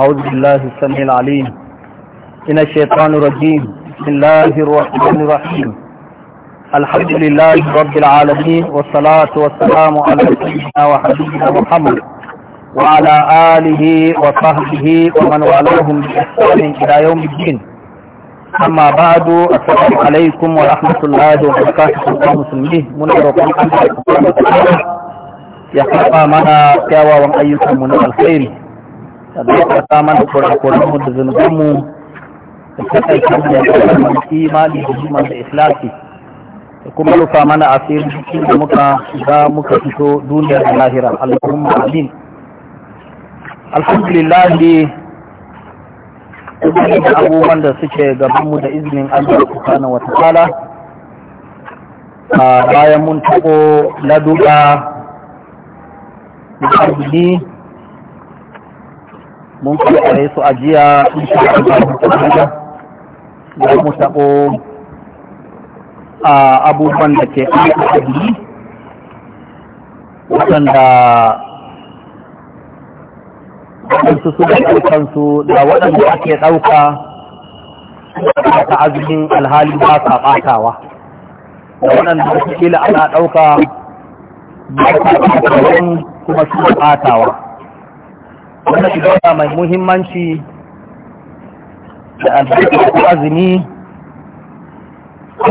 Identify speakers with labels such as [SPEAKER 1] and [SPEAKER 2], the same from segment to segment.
[SPEAKER 1] أعوذ بالله السميع العليم من الشيطان الرجيم بسم الله الرحمن الرحيم الحمد لله رب العالمين والصلاة والسلام على سيدنا وحبيبنا محمد وعلى آله وصحبه ومن والاهم بإحسان إلى يوم الدين أما بعد السلام عليكم ورحمة الله وبركاته المسلمين من ربكم يا يحفظ منا كاوى وأيكم من الخير da gafarta mana kurakuranmu da zunubanmu da kasance da kasance imani da jiman da islasi da kuma rufa mana asirin cikin da muka shiga muka fito duniya da lahira allahumma amin alhamdulillah a abubuwan da suke gabanmu da izinin allah subhanahu wa ta'ala bayan mun tabo laduka da mun kare su a jiya da mu taɓo a abubuwan da ke ƙarfi waɗanda waɗansu su da kansu da waɗanda ake ɗauka ta azumin alhali ba sa ɓatawa da waɗanda kila ana ɗauka ba sa ɓatawa kuma su ɓatawa wanda ibada mai muhimmanci da albarkar azumi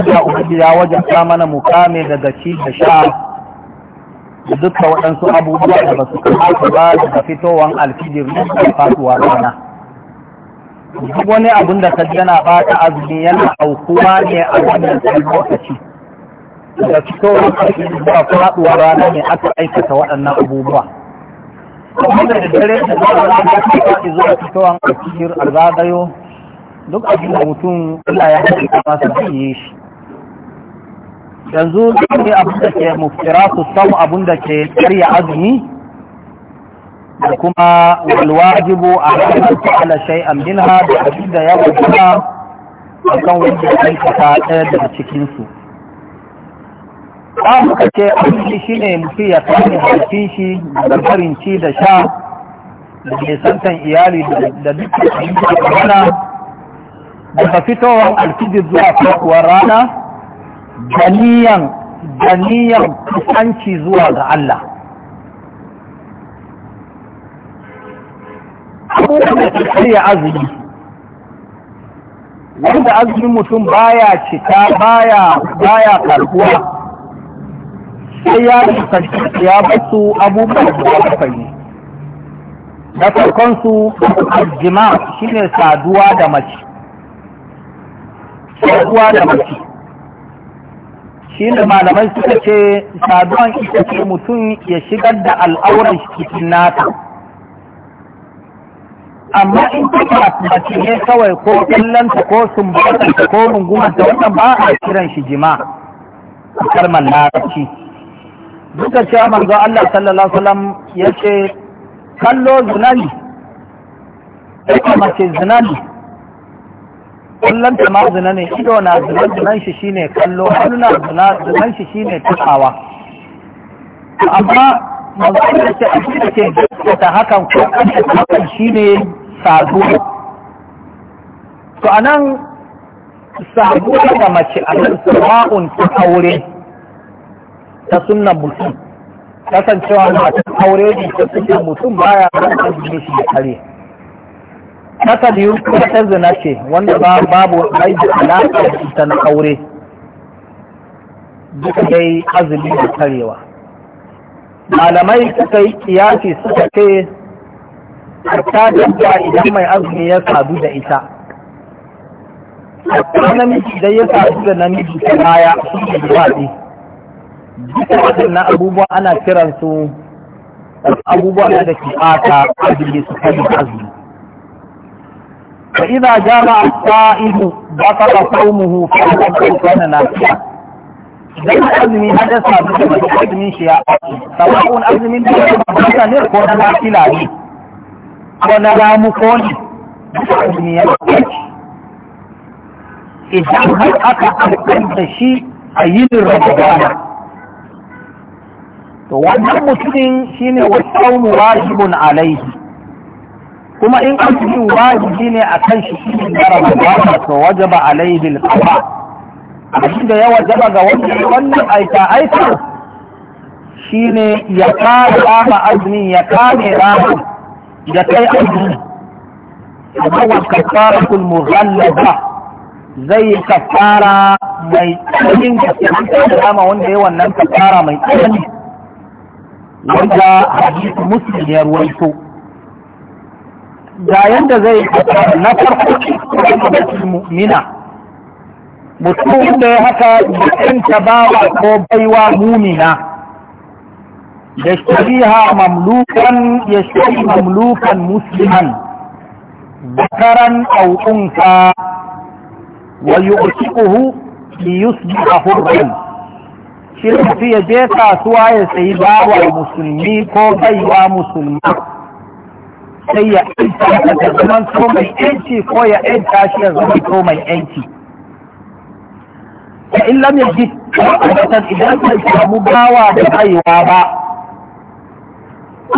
[SPEAKER 1] da ubangida wajen sa mana mukame daga ci da sha da dukka waɗansu abubuwa da ba su kamata ba daga fitowar alfijir da fasuwa rana duk wani abin da ka ba ta azumi yana aukuwa ne a wannan lokaci fito fitowar alfijir da faɗuwa rana ne aka aikata waɗannan abubuwa
[SPEAKER 2] kuma da dare da zuwa da ya ke faɗi
[SPEAKER 1] zuwa fitowar a cikin arzagayo duk abin da mutum Allah ya haɗe masa da yi shi yanzu ne abin da ke muftira su samu abin da ke karya azumi da kuma walwajibu a hannun ala shay'an minha da abin da ya a kan wanda ya aikata ɗaya daga cikinsu. ba muka ce abinci shi ne mutum ya kame jikin shi da barin ci da sha da santan iyali da duka duk rana daga fitowar alfijir zuwa farkuwar rana da niyan kusanci zuwa ga Allah ya azumi wanda azumin mutum baya cika baya baya karbuwa sai ya fuskanci ya basu abubuwan da ya fayi na farkon su aljima shine saduwa da mace saduwa da mace shine malamai suka ce saduwan ita ce mutum ya shigar da al'aurar cikin nata amma in ta mace ne kawai ko kallanta ko sumbatarta ko rungumar da wannan ba a kiran shi jima a kalmar larabci duka cewa manzo Allah sallallahu alaihi wasallam ce, kallo zinani ita mace zinani kullum ta ma zina ne ido na zina zinan shi shine kallo hannu na zina zinan shi shine tukawa amma manzo Allah ce abin da ke ta hakan ko hakan shine saduwa to anan saduwa da mace a nan sama'un ta aure ta sunnan mutum kasancewa na ta aure ne ta sunnan mutum baya ranar jini shi da kare Kasa biyu ta zina ce wanda ba babu wani da alaƙa da ita na aure duka dai azumi da karewa malamai suka yi kiyasi suka ce ta dabba idan mai azumi ya sadu da ita ta namiji idan ya sadu da namiji ta baya sun da duka waɗannan abubuwa ana kiran kiransu abubuwa na da ke ɓata azumi su kalli azumi fa idza jama as-sa'idu batala sawmuhu fa qad kana nafiya idan azumi hada sabu da azumin shi ya sawa'un azumin da ya bata ne ko da nafila ne ko na ramu ko ne azumi ya idan har aka alƙanta shi a yinin ramadana to wannan mutumin shine wasaumu wajibin alaihi kuma in azumin wajibi ne a kan shi shi ne ramadana to wajaba alaihi A shi da ya wajaba ga wannan wannan aika shi shine ya kare ma azumin ya kare rana ya kai azumin amma wa kafaratul ba zai kafara mai tsayin kafara wanda ya wannan kafara mai tsanani wanda hadisi muslim ya ruwaito da yanda zai na farko mu'mina mutum da ya haka jikinta bawa ko baiwa mumina da shariha mamlukan ya shari mamlukan musliman bakaran aukunka wa yi li a hurran shi ne mutum ya je kasuwa ya sayi bawa musulmi ko baiwa musulma sai ya aika ta zaman to mai yanci ko ya aika shi ya zama to mai yanci da in lam ji tabbatar idan ka samu bawa da baiwa ba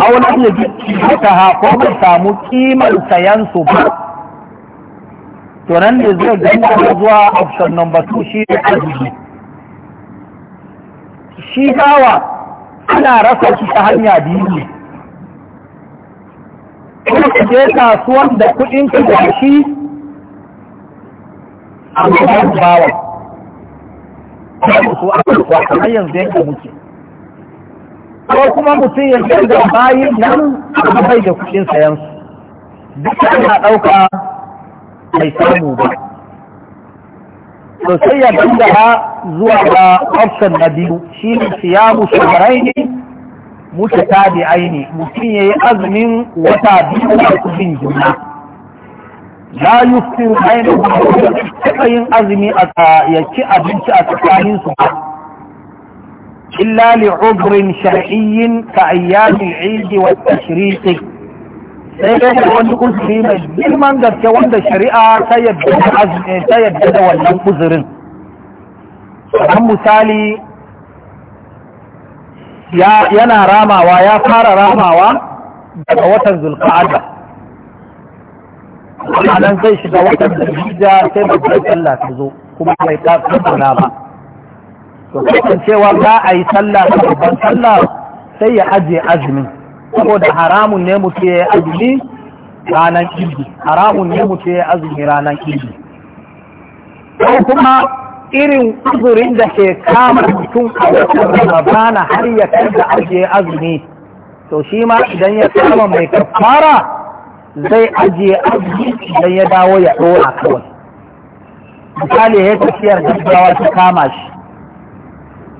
[SPEAKER 1] aw lam yaji ha ko bai samu kimar sayan su ba to nan ne zai ganga zuwa option number 2 shi ne azumi shi bawa ana rasa shi ta hanya biyu kuma ka je kasuwan da kuɗin ka da shi
[SPEAKER 2] a matsayin bawa
[SPEAKER 1] su a kasuwa kamar yanzu yanke muke ko kuma mutum ya ce da bayin nan a bai da kuɗin sayansu duk ana ɗauka mai samu ba to sai ya dangara zuwa ga option na biyu shi ne siyamu ta mutatabi aini mutum ya yi azumin wata biyu da kubin juna la yuftir aini ba yin azumi ya ci abinci a tsakanin su illa li udrin shar'iyyin ka ayyamil eid wa tashriqi
[SPEAKER 2] sai dai da wani
[SPEAKER 1] kuzuri mai girman gaske wanda shari'a ta yadda da wannan kuzurin an misali yana ramawa ya fara ramawa daga watan zulka'ada nan zai shiga watan zulhijja sai babbar sallah ta zo kuma mai tattauna ba to kasancewa za a yi sallah da babban sallah sai ya ajiye azumin saboda haramun ne mutu ke azumi ranar idi haramun ne mu azumi ranar ko kuma irin uzurin da ke kama mutum a watan har ya kai da ajiye azumi to shi ma idan ya kama mai kafara zai ajiye azumi idan ya dawo ya ɗora kawai misali ya tafiyar gaggawa ta kama shi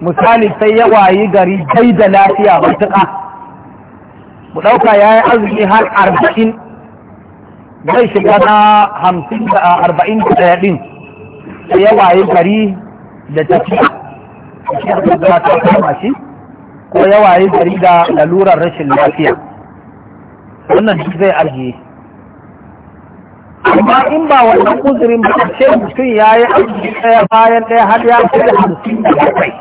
[SPEAKER 1] misali sai ya wayi gari dai da lafiya matuƙa mu ɗauka ya yi azumi har arba'in zai shiga na hamsin da arba'in da ɗaya ɗin sai ya waye gari da tafiya shi da za ta kama shi ko ya waye gari da lalurar rashin lafiya wannan duk zai arziki amma in ba wannan uzurin ba a ce mutum ya yi azumi ɗaya bayan ɗaya har ya da hamsin da bakwai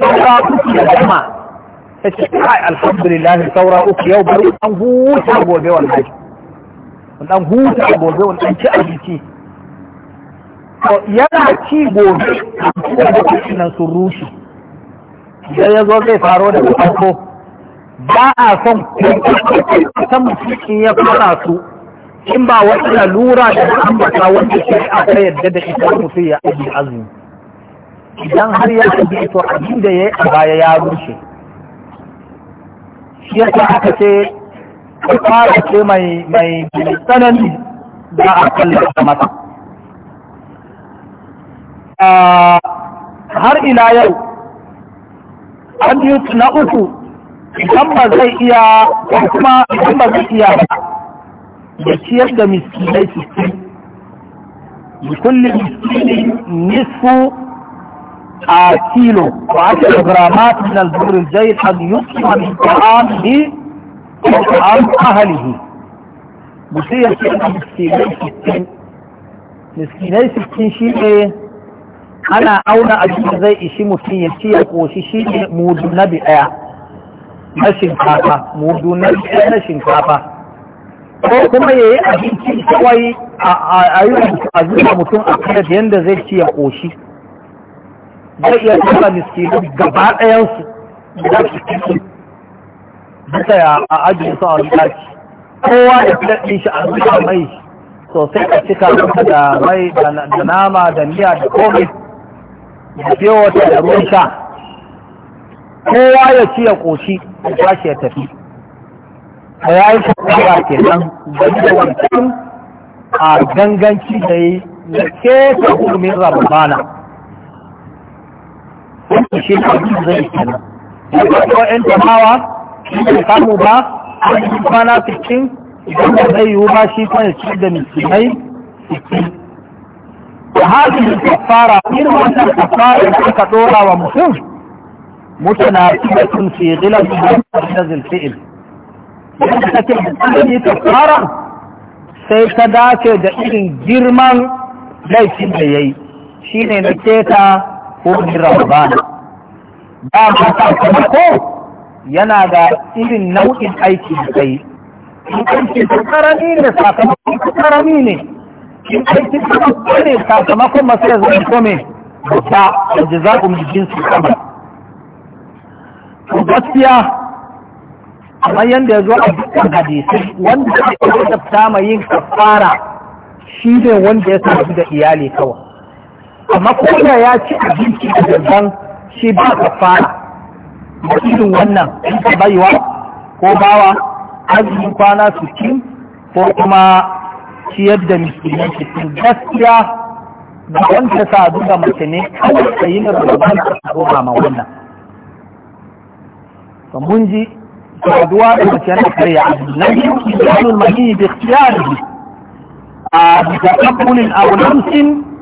[SPEAKER 1] sun ka kuki da jama'a ta ce kai alhamdulillah saura uku yau bari an huta gobe wallahi dan huta gobe wannan ci abinci to yana ci gobe da nan sun rushe idan ya zo zai faro da farko ba a son san mutum ya fara su in ba wata lura da ambata wanda ke aka yadda da ita mutum ya ajiye azumi idan har ya ajiye to abin da ya yi a baya ya rushe shi yake aka ce fara ce mai mai tsanani da a kallata mata har ila yau an yi na uku idan ba zai iya ko kuma idan ba zai iya ba da ciyar da miskinai su kulli miskini nisfu آه كيلو وعشر غرامات من البر الجيد قد يصبح من طعامه وطعام أهله مسيح كان مسكيني ستين مسكيني ستين شيء ايه أنا أونا أجيب زي إشي مسكين شيء وشي شيء مود نبي ايه نشن كافة مود نبي ايه نشن كافة ko kuma ya yi abinci kawai a yi a zuwa mutum a kayar yadda zai ci ya ƙoshi zai iya tsara miskinu gaba ɗayansu da su kisu bisa ya a ajiye su a rikaci kowa ya fi daɗin shi a rika mai sosai a cika da mai da nama da miya da komai da wata da ruwan sha kowa ya ci ya ƙoshi ya tashi ya tafi a yayin shakara ke nan da da wancan a ganganci da yi da ke ta hukumin bana. wannan shi ne abin zai kenan ya kwato yan jamawa shi ne samu ba a cikin kwana cikin idan da zai yi ba shi kan ci da musulmai cikin da hajjin kafara irin wannan kafara da aka dora wa mutum mutana tun fi su da zilfi'il idan ka ce da kafara sai ta dace da irin girman laifin da ya yi shi ne na keta ko min Ramadan ba ma ko? yana da irin nau'in aiki da kai in aiki ta karami ne sakamakon ta karami ne in aiki ta karami ne sakamakon masu yanzu ne kome ta yanzu za ku mai jinsu kama to gaskiya kamar yadda ya zo a dukkan hadisi wanda ya ta mai yin kafara shi ne wanda ya samu da iyali kawai amma kuma ya ci abinci da dangan shi ba ka fara da irin wannan in ka baiwa ko bawa azumin kwana ci ko kuma ciyar da miskinai sittin gaskiya da wanda sa duka mace ne kawai ka yi na rubutan ka koma ma wannan Ka mun ji saduwa da mace na karya azumi na biyu yi da ciyar da a bi abu na lamsin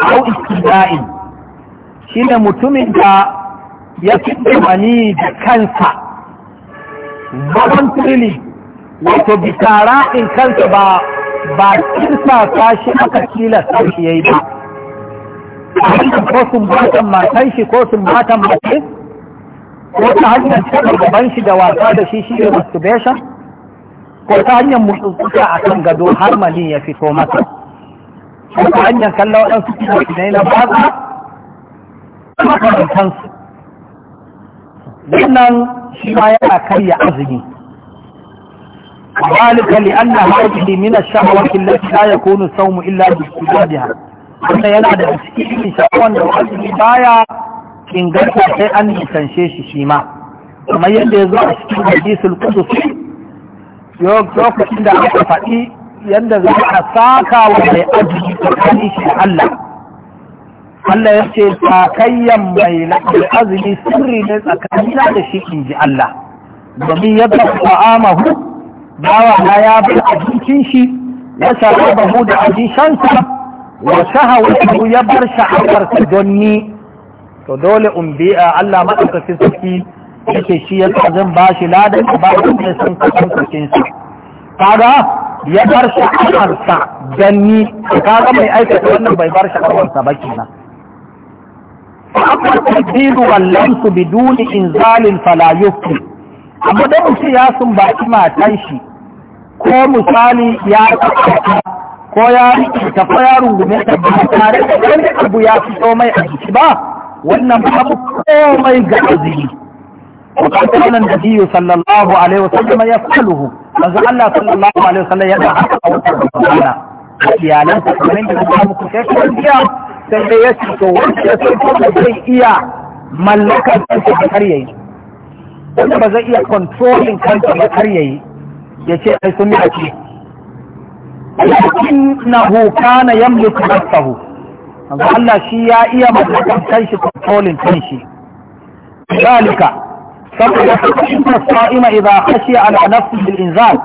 [SPEAKER 1] au istida'in shine mutumin da ya fi wani da kansa voluntarily wato bitara in kansa ba ba kirsa shi aka tilasta shi yayi ba a ko sun batan matan shi ko sun batan mace ko ta hanyar shaɗa gaban shi da wasa da shi shi masturbation ko ta hanyar mutsutsuka a kan gado har malin ya fito masa ta hanyar kallon waɗansu fina-finai na baza makarantansu wannan shi ma yana karya azumi ذلك لأن هذه من الشهوات ya لا يكون الصوم إلا باجتهادها
[SPEAKER 2] wanda yana da
[SPEAKER 1] cikin sha'awan da wajibi baya inganta sai an nisanshe shi shi ma kamar yadda ya zo a cikin hadisul qudus lokacin da aka faɗi yadda za a saka wa mai arziki tsakanin shi Allah Allah ya ce sakayyan mai azumi sirri ne tsakanina da shi in ji Allah domin yadda ta'amahu bawa na ya bi abincin shi ya Bahu da abincinsa wa shahawatu ya bar sha'awar don ni to dole in bi Allah madaukakin saki yake shi ya zan ba shi ladan ba da sun kasan kakin kaga ya bar sha'awarsa dan ni kaga mai aikata wannan bai bar sha'awarsa ba kenan amma tabdilu wallan su biduni inzalin fala yufti amma da mutum ya sumbaci matan shi ko misali ya tsaka ko ya ta ko ya rungume ta ba tare da wani abu ya fito mai a jiki ba wannan babu komai ga azumi وقد كان النبي صلى الله عليه وسلم يفعله manzo Allah sallallahu alaihi wasallam ya da a wata rana iyalan sa kamar da ba mu kusa iya sai dai ya ce to wanda ya ce ko zai iya mallakar kansa da kar yayi wanda ba zai iya controlling kansa da kar yayi ya ce ai sun yi a ce innahu kana yamliku nafsahu manzo Allah shi ya iya mallakar kanshi controlling kanshi zalika فقد الصائم إذا خشي على نفسه بالإنزال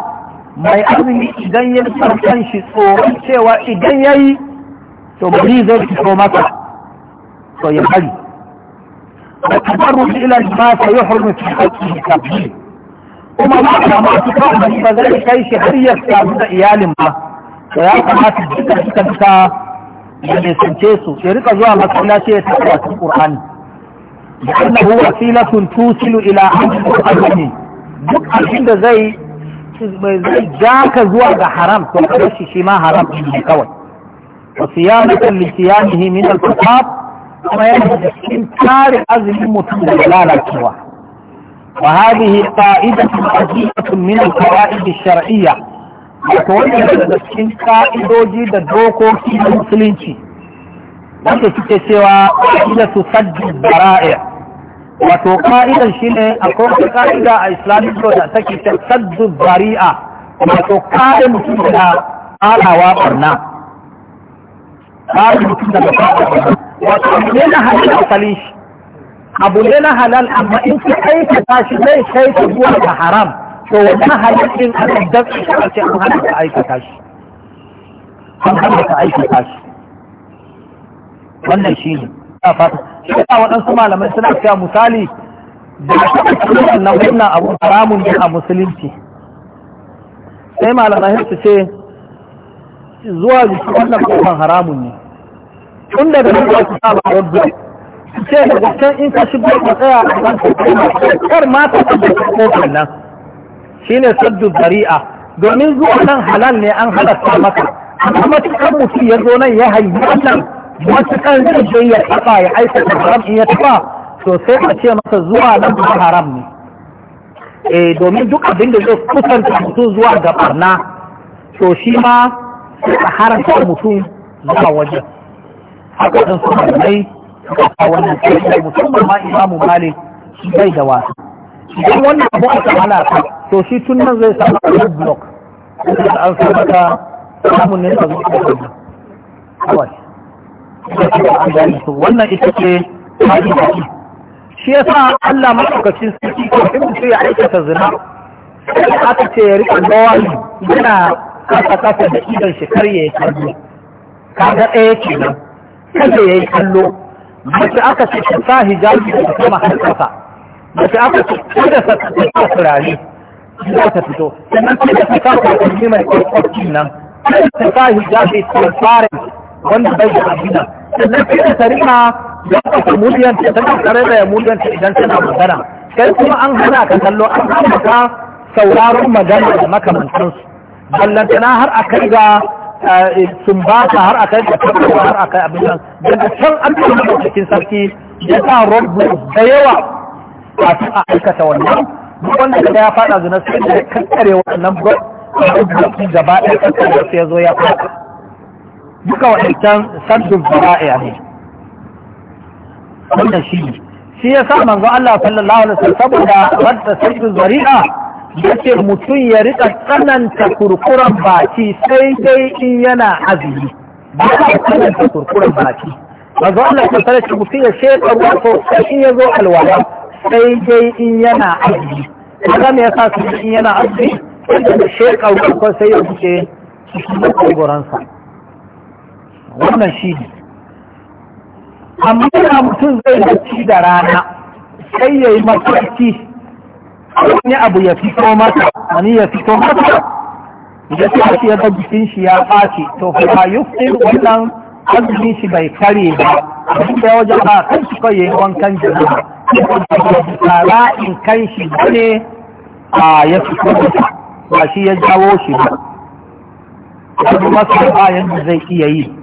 [SPEAKER 1] ما يأذي إيدي الترقنش صورته وإيدي تبريز الحكومته فيحل التبرج إلى ما سيحرم في حقه وما ما أمرت قوما إذا ذلك أي شهرية كابدة إيال ما فيعطى ما تجد تجد تجد تجد يعني سنتيسو شريك أزوها مسؤولة شيء تقرأ في القرآن لأنه وسيلة توصل إلى حد الحرام duk abin da zai zai ja ka zuwa ga haram to kada shi shi ma haram ne kawai wa siyanatan li siyamihi min al-fatab kuma yana da cikin tare azumin mutum da lalacewa wa hadhihi qa'idatun azimatun min al-qawa'id ash-shar'iyya
[SPEAKER 2] wato wannan da
[SPEAKER 1] cikin ka'idoji da dokoki na musulunci wanda suke cewa ila tusaddi bara'i' wato ka'idan shi ne a wata ka'ida a islamic law da take ta saddu zari'a wato kare mutum da alawa barna kare mutum da ba wato ne na halal asali shi abu ne na halal amma in ka ta shi zai kai ka zuwa ga haram to wannan halal din aka dace shi an cikin ka ka ta shi an hana ka ta shi wannan shi ne a waɗansu malamai suna cewa misali da na wannan abu haramun ne a musulunci sai malamai su ce zuwa jiki wannan kofan haramun ne tun daga nan za su sa ba ce da gaskan in ka shigo ka tsaya a kan kar ma ka tafi kofar nan shine saddu zari'a domin zuwa nan halal ne an halatta maka amma matuƙar mutum ya zo nan ya haifi wannan matukan zai ya ya aikata haram in ya tafa, to sai a ce masa zuwa nan ba haram ne eh domin duk abin da zai kusanta mutum zuwa ga barna to shi ma
[SPEAKER 2] a haramta mutum zuwa wajen
[SPEAKER 1] haka dan su mai a wannan sai musamman ma imamu malik bai da wasu idan wannan abu aka ta to shi tun nan zai samu a block an samu ka samun ne a zuwa kawai wannan ita ce haƙiƙa shi sa Allah madaukakin sarki ko in su ya aikata zina sai aka ce ya rika lawali yana kasa kasa da idan shi kar ya yi kallo kaga ɗaya ke nan kada ya yi kallo mace aka ce ta sa hijabi da kuma har kasa mace aka ce kada ta sa turare za ta fito sannan kada ta sa takalmi mai kwakwakin nan kada ta sa hijabi transparent wanda bai da abinan sannan da tarina ya muliyan ta tana tare da ta idan tana magana kai kuma an hana ka kallo an hana ka sauraron magana da su ballantana har a kai ga eh, sumbata har a kai ga tabbawa har a kai abin daga can an yi maka cikin sarki ya sa rubu da yawa a su a aikata wannan duk wanda da ya fada zina sai da kankare wannan gaba ɗaya kankare sai ya zo ya fada duka waɗancan sabbin fara'a ne wannan shi ne shi ya sa manzo Allah sallallahu alaihi wasallam saboda wadda sabbin zari'a yace mutum ya rika tsananta kurkuran baki sai dai in yana azumi ba ka tsananta kurkuran baki manzo Allah sallallahu alaihi wasallam mutum ya sheka ruwa ko in ya zo alwala sai dai in yana azumi kaga me yasa sai in yana azumi sai da sheka ruwa sai ya fice cikin goransa wannan shi ne amma yana mutum zai bacci da rana sai ya yi mafarki wani abu ya fito mata, wani ya fito mata. ya tashi ya ga jikin shi ya ɓaci to fa fi wannan azumin shi bai kare ba abin da ya wajen ba kan shi kawai ya yi wankan jama'a tara in kan shi ne a ya fito masa ba shi ya jawo shi ba. Wani masa ba yadda zai iya yi.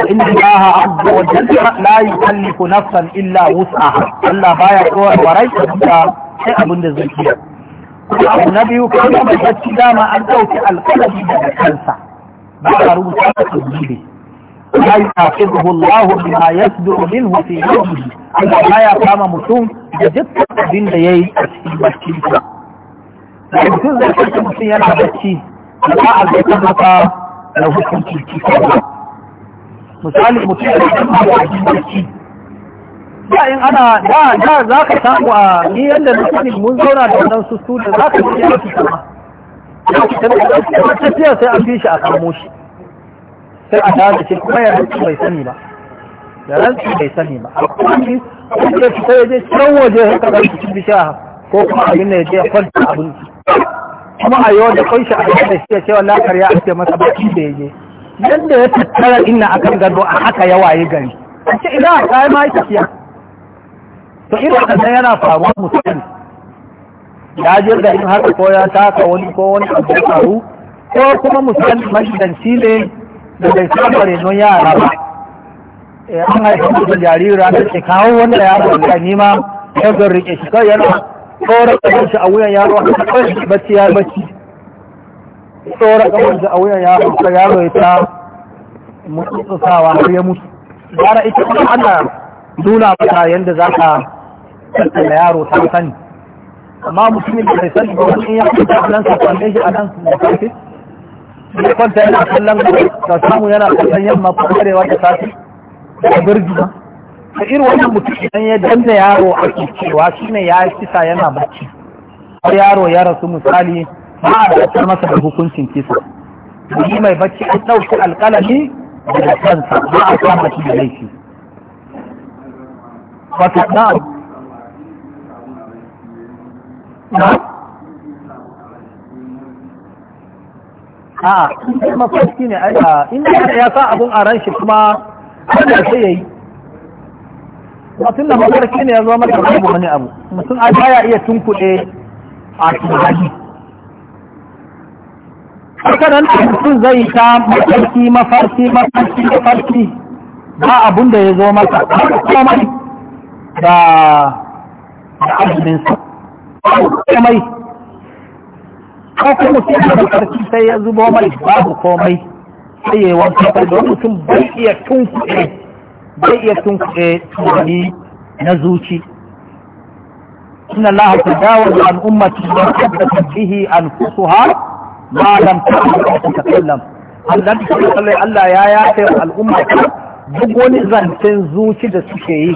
[SPEAKER 1] إن الله عز وجل لا يكلف نفسا إلا وسعها الله بايا قوة ورأيك أنت شيء من الزكية abu na biyu ko da bacci dama an ɗauki alƙalami daga kansa ba a rubuta da tsaddide la yuhafizuhu Allah bima yasduru minhu fi yawmihi Allah baya kama mutum da dukkan abin da yayi a cikin bacci sa mutum zai kace mutum yana bacci
[SPEAKER 2] a zai
[SPEAKER 1] na hukunci kisa misali mutum da kan ba a cikin ya yin ana da da za ka samu a ni yadda na sani mun zauna da wannan su su da za ka yi yaki
[SPEAKER 2] sama tafiya sai
[SPEAKER 1] an fi shi a kamo shi sai a dawo da shi kuma ya rantsu bai sani ba
[SPEAKER 2] ya rantsu bai
[SPEAKER 1] sani ba a kuma shi wanda ya je can waje ya kaga cikin bishiya ko kuma abin da ya je ya kwanta abinci kuma a yau da kwanci a yau da shi ya ce wa lakar ya ake masa baki da ya je yadda ya tattara inna akan gado a haka ya waye gari a ce ina a kayan ma tafiya to irin haka yana faruwa musulun. ya da in haka ko ya taka wani ko wani abu ya faru ko kuma mutum mashidanci ne da bai saba renon yara ba eh, an haifa mutum jariri da ke kawo wanda ya zanga ni ma ya zan rike shi kawai yana tsoron ƙasar shi a wuyan yaro a kawai bacci ya bacci tsoron kamar da a wuyan ya hauka yaro ya ta mutsutsawa har ya mutu gara ita kuma ana nuna mata yadda za ka tattala yaro ta sani amma mutumin da bai sani ba wani ya kwanta nan sa kwanne shi a nan da kafin ya kwanta yana kallon ka samu yana kallon yamma ko karewa da sati da birgima ta irin wannan mutum idan ya danna yaro a cewa shi ne ya kisa yana bacci har yaro ya rasu misali
[SPEAKER 2] ba a zartar masa
[SPEAKER 1] da hukuncin kisa yi mai bacci an ɗauki alƙalami da kansa ba a kama shi da laifi wato na'am a in mafarki ne a inda ya sa abun a ran shi kuma ana sai yayi mutum da mafarki ne ya zama da wani abu mutum a baya iya tunkuɗe a tunani haka nan mutum zai ta mafarki mafarki mafarki mafarki ba abin da ya zo ba komai da ba komai ko kuma mutum da mafarki sai ya zubo mai babu komai sai ya yi wanka da mutum bai iya tunkuɗe bai iya tunkuɗe tunani na zuci إن الله تداول عن أمتي ما حدثت به أنفسها ma lam tatakallam Allah sallallahu Allah ya yafe al'umma duk wani zancen zuci da suke yi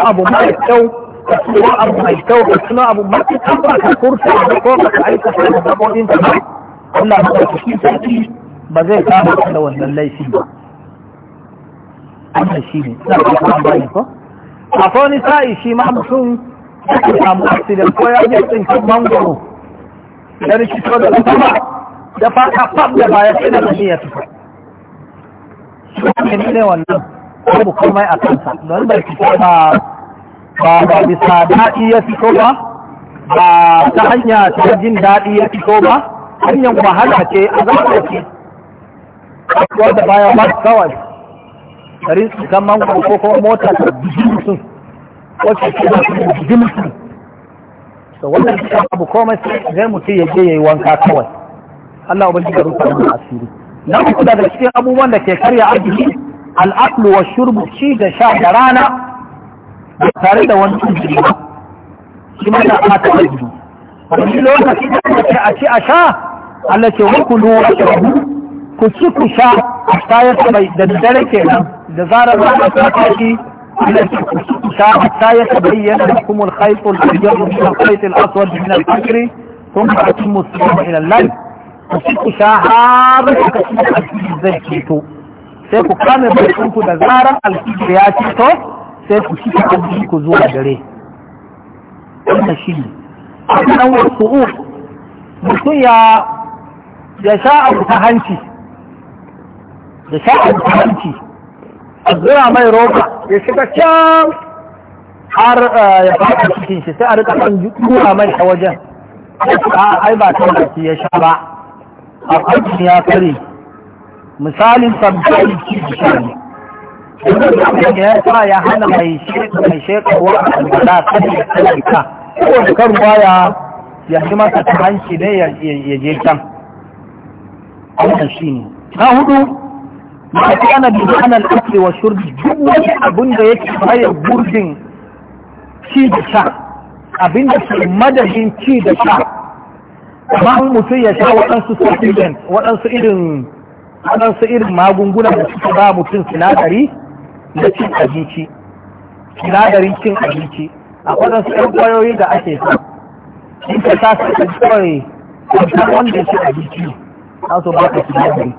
[SPEAKER 1] abu mai kyau ka abu mai kyau ka abu mai kyau ba ka furta da ko ka aikata da gabobin ka Allah ba shi ba zai kama da wannan laifi ba shi ne ka ko a wani sa'i shi ma mutum ya samu accident ko ya mangoro da rikito da kuma da fata fab da baya sai da mashi ya fita shi ne wannan babu komai a kansa don da rikito ba ba ba bisa daɗi ya fito ba ba ta hanya ta jin daɗi ya fito ba hanyar wahala ce a zama ce wanda baya ba kawai garin su kan mangon ko kuma mota ta bijin mutum wacce ce ba su bijin mutum to wannan abu komai sai zai mutum ya je yayi wanka kawai Allah ubangiji ya rufa mu asiri na uku daga cikin abubuwan da ke karya arziki al'aqlu wa shurbu shi da sha da rana ba tare da wani tunjiri ba shi ma da ana taɓa jiri wani lokaci da kuma ce a ci a sha Allah ce wa kulu wa shurbu ku ci ku sha a tayar da dare kenan da zarar ba a tashi حتى يتبين لكم الخيط الابيض من الخيط الاسود من الفجر ثم تتم الصيام الى الليل وست شهر zai ceto sai ku kame bakinku da zarar alfijir ya ceto sai ku ci abinci ku zuwa dare wannan shi ne a kan wasu mutum ya sha ta hanci a zura mai roba ya shiga can har eh, ya fata cikin shi sai a rika kan tura mai a wajen a ai ba ta baki ya sha ba a aikin ya kare misalin cikin ki shani da ya sa ya hana mai shekarwa a albala kan ya tsalika saboda karuwa ya ya ji masa ta hanci ne ya je can wannan shi ne na hudu ma ta ana bi ana al'asri wa shurbi duk wani abin da yake maye gurbin ci da sha abin da ke madadin ci da sha amma mutum ya sha waɗansu supplement waɗansu irin waɗansu irin magunguna da suka ba mutum sinadari na cin abinci sinadarin cin abinci a waɗansu ɗan ƙwayoyi da ake sa
[SPEAKER 2] in ka sa su ɗan
[SPEAKER 1] ƙwayoyi wanda ya ci abinci na su ba ka sinadari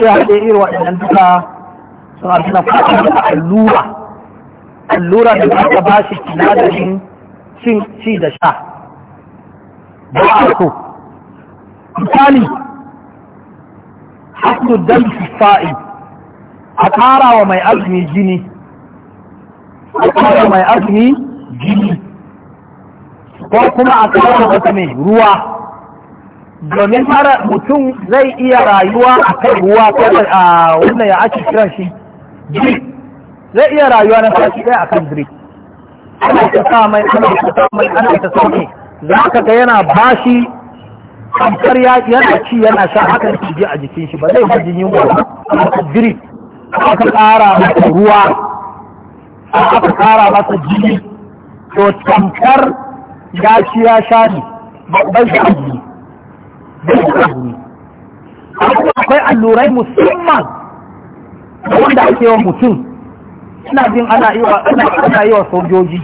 [SPEAKER 1] ya haɗe irin waɗannan duka suna suna fata da allura allura da aka ba shi sinadarin cin ci da sha ba a so misali hasdu dan fa'i a ƙara wa mai azumi jini
[SPEAKER 2] a ƙara mai azumi
[SPEAKER 1] jini ko kuma a ƙara masa mai ruwa domin mara mutum zai iya rayuwa a kai ruwa ko a wannan ya ake kiran shi zai iya rayuwa na sashi ɗaya a kan drip ana ta sa mai ana ta sa mai ana ta sa mai za ka ga yana bashi kamfar yana ci yana sha haka yake ji a jikin shi ba zai ba jin yunwa ba aka aka ƙara masa ruwa aka ƙara masa jini to tamkar gashi ya sha ne da azumi akwai allurai musamman
[SPEAKER 2] da wanda ake wa
[SPEAKER 1] mutum ina jin ana yi wa sojoji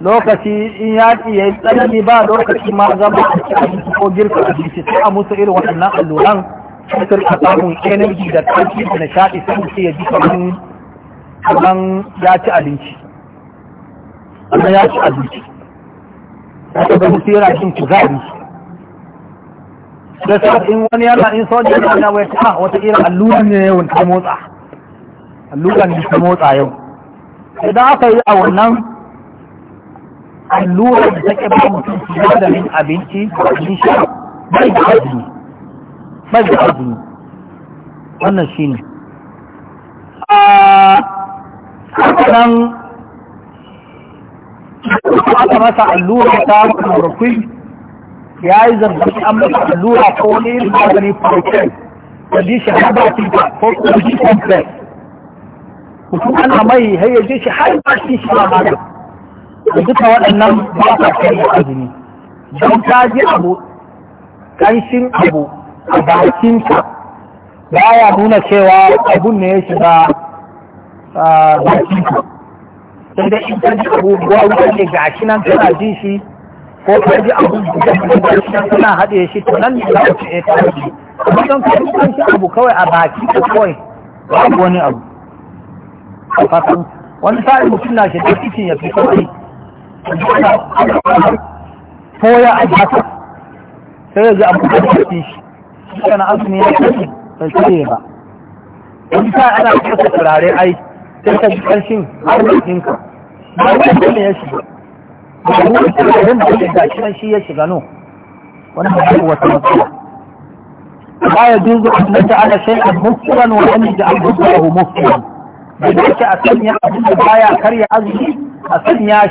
[SPEAKER 1] lokaci in yaƙi ya yi tsanani ba lokaci ma zama a abinci ko girka abinci sai a musu irin waɗannan alluran sun a samun energy da ƙarfi da nishaɗi sai mutum ya ji kaman ya ci abinci
[SPEAKER 2] amma ya ci abinci
[SPEAKER 1] wata ga mutum yana jin kuzari
[SPEAKER 2] da sa in wani yana in soja yana da wai ta
[SPEAKER 1] wata irin allura ne yau ta motsa allura ne ta motsa yau idan aka yi a wannan allura da take ba mutum fiye da min abinci da shi bai da azumi bai da azumi wannan shine a nan aka masa allura ta rukun ya yi zargi an masa allura ko wani irin magani protein da ji shi har ba fita ko kuma shi complex mutum ana mai har ya ji shi har ba shi shi ba magani da duka waɗannan ba sa kai azumi don ta ji abu ƙanshin abu a bakinka ba ya nuna cewa abun ne ya shiga ah, bakinka sai dai in ta ji abubuwa wuce ga shi nan kana ji shi ko ka ji abu da suna hade shi to nan ne za ka ce ta haɗe amma don ka ji kan shi abu kawai a baki ko kawai babu wani abu fatan wani sa'in mutum na shi da cikin ya fi kawai ko ya aji haka sai ya ji abu da cikin shi shi na azumi ya kashe bai cire ba wani sai ana kasa turare ai sai ka ji ƙarshen ka.
[SPEAKER 2] ba wani ne ya
[SPEAKER 1] shiga abin da ya shiga no wani hajji wata matsala ba ya da yake a sanya baya karya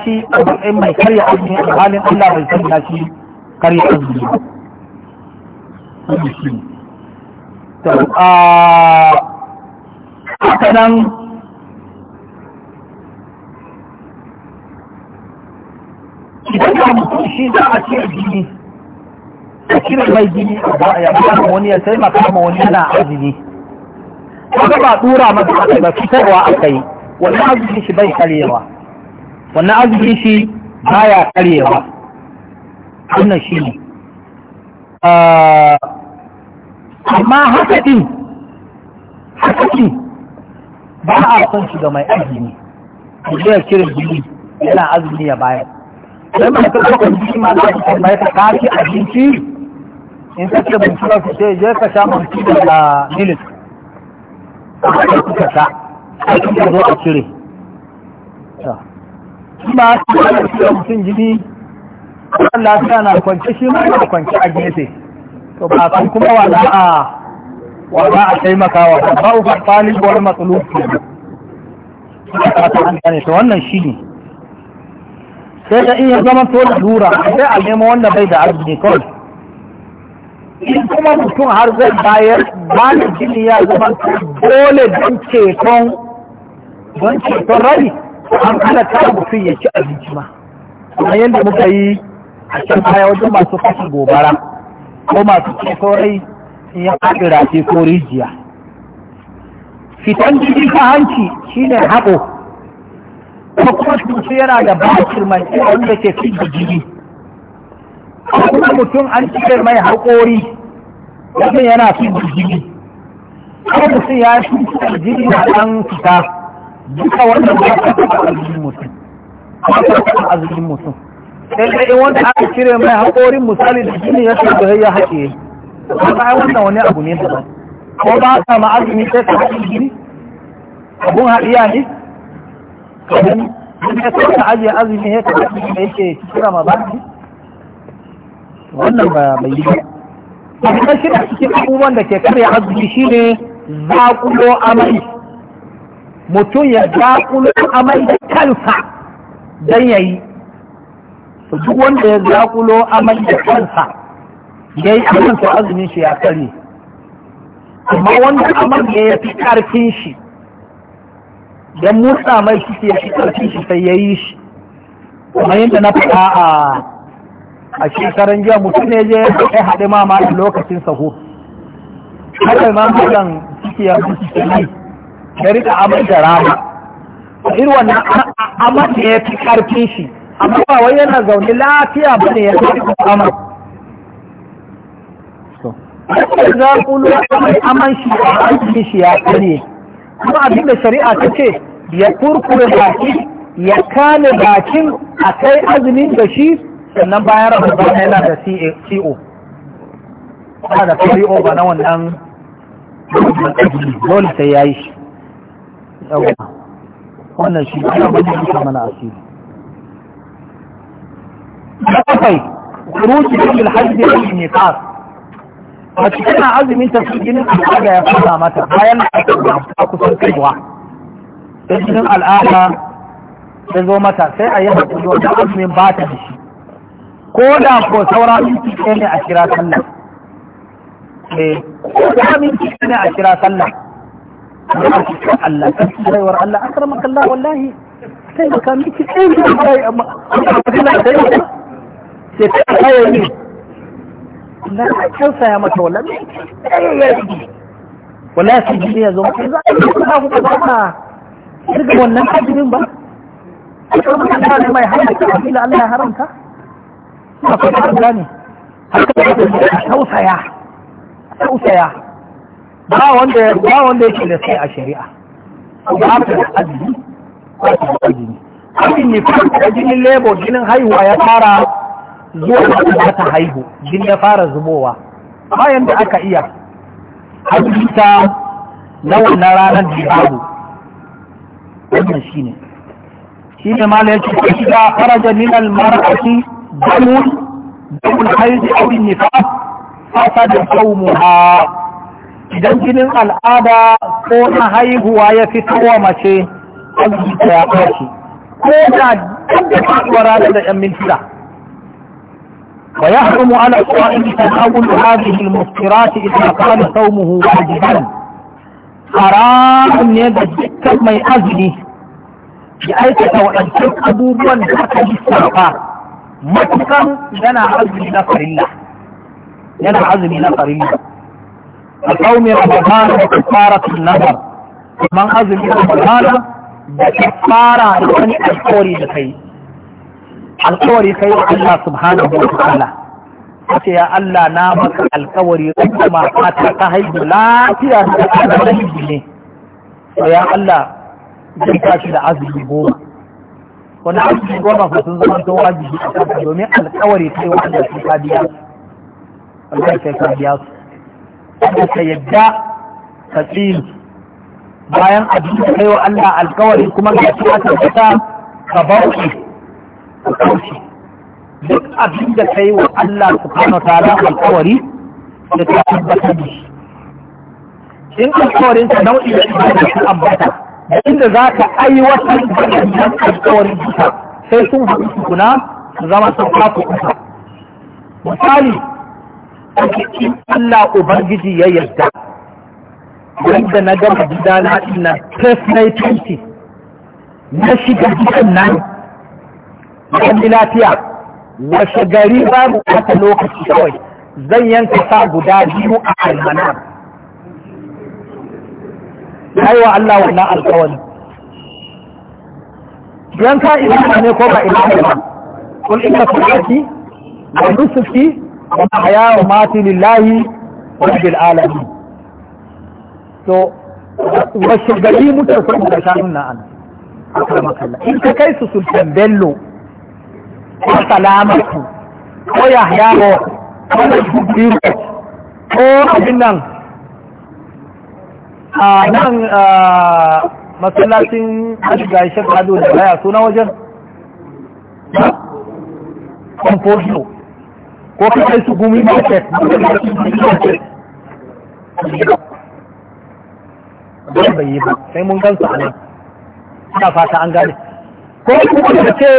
[SPEAKER 1] a mai karya Allah babu shi za a cire jini
[SPEAKER 2] a cire mai jini
[SPEAKER 1] ya kama wani ya taimaka ma wani yana azumi kaga ba dura masa aka ba fitarwa aka yi wannan azumin shi bai karewa wannan azumin shi baya karewa wannan shi ne ah, amma haka din haka din ba a son shi ga mai azumi ya cire jini yana azumi ya bayar
[SPEAKER 2] sai mai ka kuma kwanci ma za ka mai ka kashi
[SPEAKER 1] abinci in ka ce bin sura sai je ka sha manci da milik ka kuka sha
[SPEAKER 2] a kuka zo a
[SPEAKER 1] cire ba su da shi da mutum jini kan lafiya na kwance shi ma na kwanci a gefe to ba kan kuma wala a wala a taimaka wa ba uba talib wal matsaloli ne ta wannan shi ne sai ka iya zama to lura sai a nemo wanda bai da arziki kawai in kuma mutum har zai bayar ba da jini ya zama dole don ceton don ceton rai an halatta mutum ya ci abinci ma kuma yadda muka yi a can baya wajen masu fashin gobara ko masu ceton rai in ya haɗu rafi ko rijiya fitan jini ta hanci shine haɓo ko kuma cutu yana da bakir mai wanda ke fi da jini kuma mutum an cire mai haƙori wanda yana fi da jiri kuma mutum ya fi da jiri a ɗan fita duka wannan ba ta taɓa arzikin mutum ba ta taɓa arzikin mutum sai dai in wanda aka cire mai haƙori, misali da jini ya fi da ya haƙe
[SPEAKER 2] ba ta wannan wani
[SPEAKER 1] abu ne ba? ko ba ta ma azumi sai ka haɗi jini abun haɗiya ne kamar ka ka ajiye azumi ya ka da yake kira ma ba shi wannan ba bai yi ba
[SPEAKER 2] A shi shirya cikin
[SPEAKER 1] abubuwan da ke karya azumi shi ne zaƙulo amai mutum ya zaƙulo amai da kansa ya yi. duk wanda ya zaƙulo amai da kansa ya yi akan azumin shi ya karye amma wanda amai ya fi ƙarfin shi don motsa mai kike ya karfi shi sai ya yi shi kuma yadda na faɗa a a shekaran jiya mutum ne je ya haɗe ma ma lokacin saho
[SPEAKER 2] haka ma mutan
[SPEAKER 1] kike ya ɗauki yi ya rika amai da A irin wannan amai ne ya fi karfi shi amma ba wai yana zaune lafiya ba ne ya fi amai za ku lura amai shi a aikin shi ya ƙarye kuma abin da shari'a ta ce ya kurkure baki ya kame bakin a kai azumin da shi sannan bayan ramadan yana da co ba da co ba na wannan dole sai ya yi shi wannan shi ana wani duka mana asiri na kafai kuruci da ilhajji da ilhajji a kana azumin ta su jinin al'ada ya fara mata bayan a kusan kaiwa da jinin al'ada ya zo mata sai a yi hakuri wata azumin ba ta da shi ko da ko saura minti ɗaya ne a kira sallah eh, ko da minti ɗaya ne a kira sallah Allah ta Allah wallahi sai ka ɗaya ne a kira sallah sai ka na a tausaya mata wallahi wallahi su ji ne yanzu mutum za a yi kuma kuma ba ta riga wannan ajirin ba a kuma ta ne mai haramta a fila Allah ya haramta
[SPEAKER 2] a kuma ta gane
[SPEAKER 1] haka da ta tausaya tausaya ba wanda ba wanda yake da sai a shari'a ba ta azumi ba ta azumi Abin ne fa jinin lebo ginin haihuwa ya fara zuwa da ta haihu jin ya fara zubowa bayan da aka iya
[SPEAKER 2] hajjita
[SPEAKER 1] na wannan ranar da babu wannan shi ne shi ne ma ya ce ta shiga faraja min almar'ati damun damun haihu a wani nifas fasa da saumuha idan jinin al'ada ko na haihuwa ya fito wa mace hajjita ya ɓaci ko da ɗan da faɗuwa ranar da 'yan mintuna ويحرم على الصائم تناول هذه المفطرات إذا كان صومه واجبا حرام يد الدكه ما يأذني بأيكة وأنتم أبوبا حتى بالسرقة مطلقا لنا عزم نفر الله لنا عزم نفر الله القوم رمضان وكفارة النظر من عزم رمضان بكفارة لكني أشكري بخير alkawari kai wa Allah subhanahu wa ta'ala kace ya Allah na maka alkawari kuma mata ta ka haihu lafiya da alhaihu ne to ya Allah zan tashi da azumi goma wani azumi goma ko sun zama to wajibi a kanka domin alkawari kai wa Allah sai ka biya Allah sai ka biya su ka yadda ka tsini bayan abin da kai wa Allah alkawari kuma ga shi aka fita ka bauki ku duk abin da yi wa Allah su wa tara alkawari da ta tabbata da shi in alkawarin ta nau'i da da ta ambata da inda za ka aiwatar da wannan alƙawarin duka sai sun haɗu kuna su zama sun kafa kusa misali a cikin Allah Ubangiji ya yarda wanda na gama gida ina test na 20 na shiga gidan nan wani lafiya washe gari babu wata lokaci kawai zan yanka sa guda biyu a almana aiwa Allah wannan alkawari yanka ilana ne ko ba ilana ba Kun ina salati wa nusuki wa mahyaya wa mati lillahi rabbil alamin to washe gari mutar sun da shanun na an in ka kai su sultan bello ko salamatu ko yahyawo ko majhudiru ko abin nan a nan masallacin ashiga shek ado da baya suna wajen komposho ko ka kai su gumi market don bai yi ba sai mun gan su a nan ina fata an gane ko kuma da ce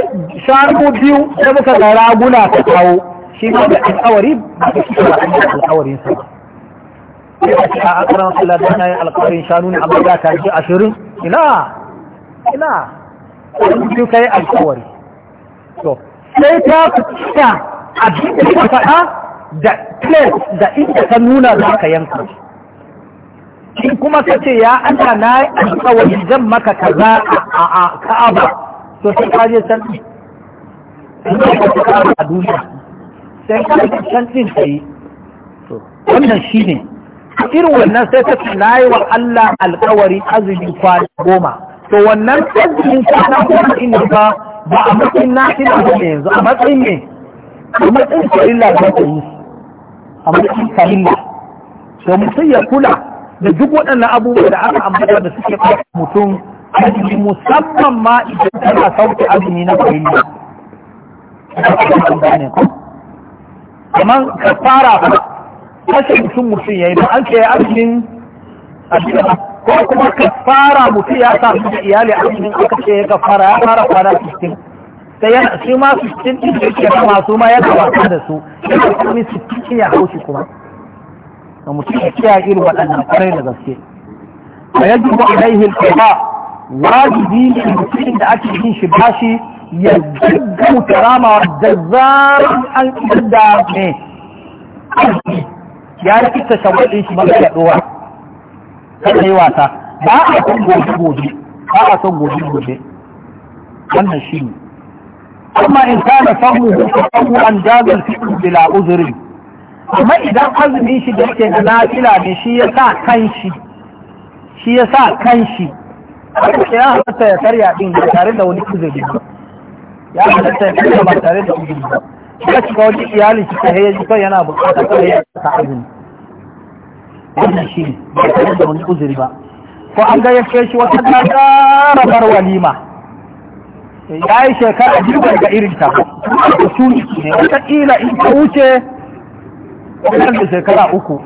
[SPEAKER 1] shanu biyu da muka da raguna ta kawo shi ne da alkawari ba ta shi da alkawarin sa a akaran Allah da yana yin alkawarin shanu ne amma da ta ce ashirin ina ina yi kai alkawari to sai ta fita a duk da faɗa da place da inda ka nuna za ka yanka shi kuma ka ce ya Allah na yi alkawari zan maka kaza a ka'aba to sai ka je can a duniya sai ka je can din ka yi to wannan shi ne irin wannan sai ta na yi wa Allah Alƙawari, azumi kwana goma to wannan azumin kwana goma din ba ba a matsayin na shi ne yanzu a matsayin ne a matsayin farilla da ta yi a matsayin farilla to mutum ya kula da duk waɗannan abubuwa da aka ambata da suke mutum arziki musamman ma idan tana sauke azumi na fahimta kamar ka fara kashe mutum mutum ya yi ba an ce ya arzikin ko kuma ka fara mutum ya samu da iyali arzikin aka ce ya fara ya fara fara 15 sai yana shi ma 15 din da ke kama su ma ya kamata da su ya kuma 15 ya haushi kuma da mutum ya kiyaye irin waɗannan kwarai da gaske fa yajibu yi al ba. wajibi ne cikin da ake yin shi bashi ya gaggauta ramawa da zarar an idar da ne ya yi fita shawaɗin shi mara ya ɗora
[SPEAKER 2] kada yi wasa
[SPEAKER 1] ba a son gobe gobe ba a son gobe gobe wannan shi ne amma in kana fahimu samu an jagar fi'in bila uzurin amma idan azumin shi da yake na lafiya ne shi ya sa kan shi shi ya sa kan shi haka ya halatta ya karya din ba tare da wani uzuri ba
[SPEAKER 2] ya halatta ya karya ba
[SPEAKER 1] tare da uzuri ba ya shiga wani iyali shi ta hayyaji kai yana bukatar kai ya ta azumi wannan shi ne ba tare da wani uzuri ba ko an ga ya shi wata gagarabar walima ya yi shekara biyu daga irin ta da su ne wata kila in ta wuce wannan da shekara uku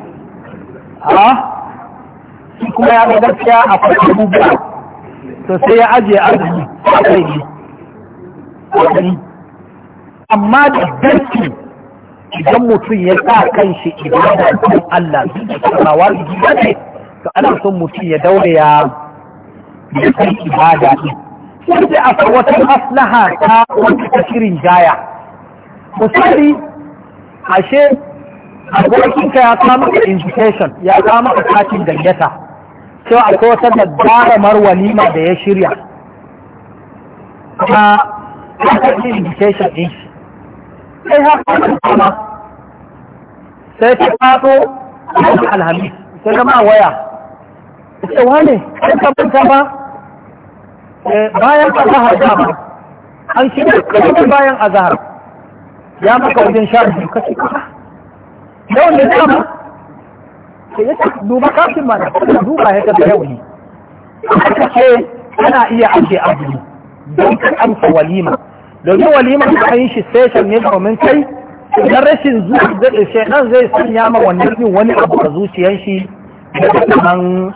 [SPEAKER 1] a kuma ya ga gaskiya akwai abubuwa to sai ya ajiye arziki a kai amma da darki idan mutum ya sa kan shi idan da kan Allah su da kamawa da ne to ana son mutum ya daure ya ya kai ibada din sai da aka wata maslaha ta wata ta jaya misali ashe abokinka ya kama ka invitation ya kama a katin gayyata cewa akwai da daddaramar walima da ya shirya kuma aka yi invitation din shi sai haka kuma sai ta faɗo a alhamis sai zama waya sai wane sai ka ba eh, bayan azahar dama an shirya kamar bayan azahar ya maka wajen sha biyu kashe kuma yawan da dama ce yake duba kafin mana duba ya tafi yau ne aka ce ana iya ake azumi don ka amsa walima domin walima ta yi shi station ne domin kai idan rashin zuwa da shaidan zai sanya ma wannan yin wani abu a zuciyar shi da kaman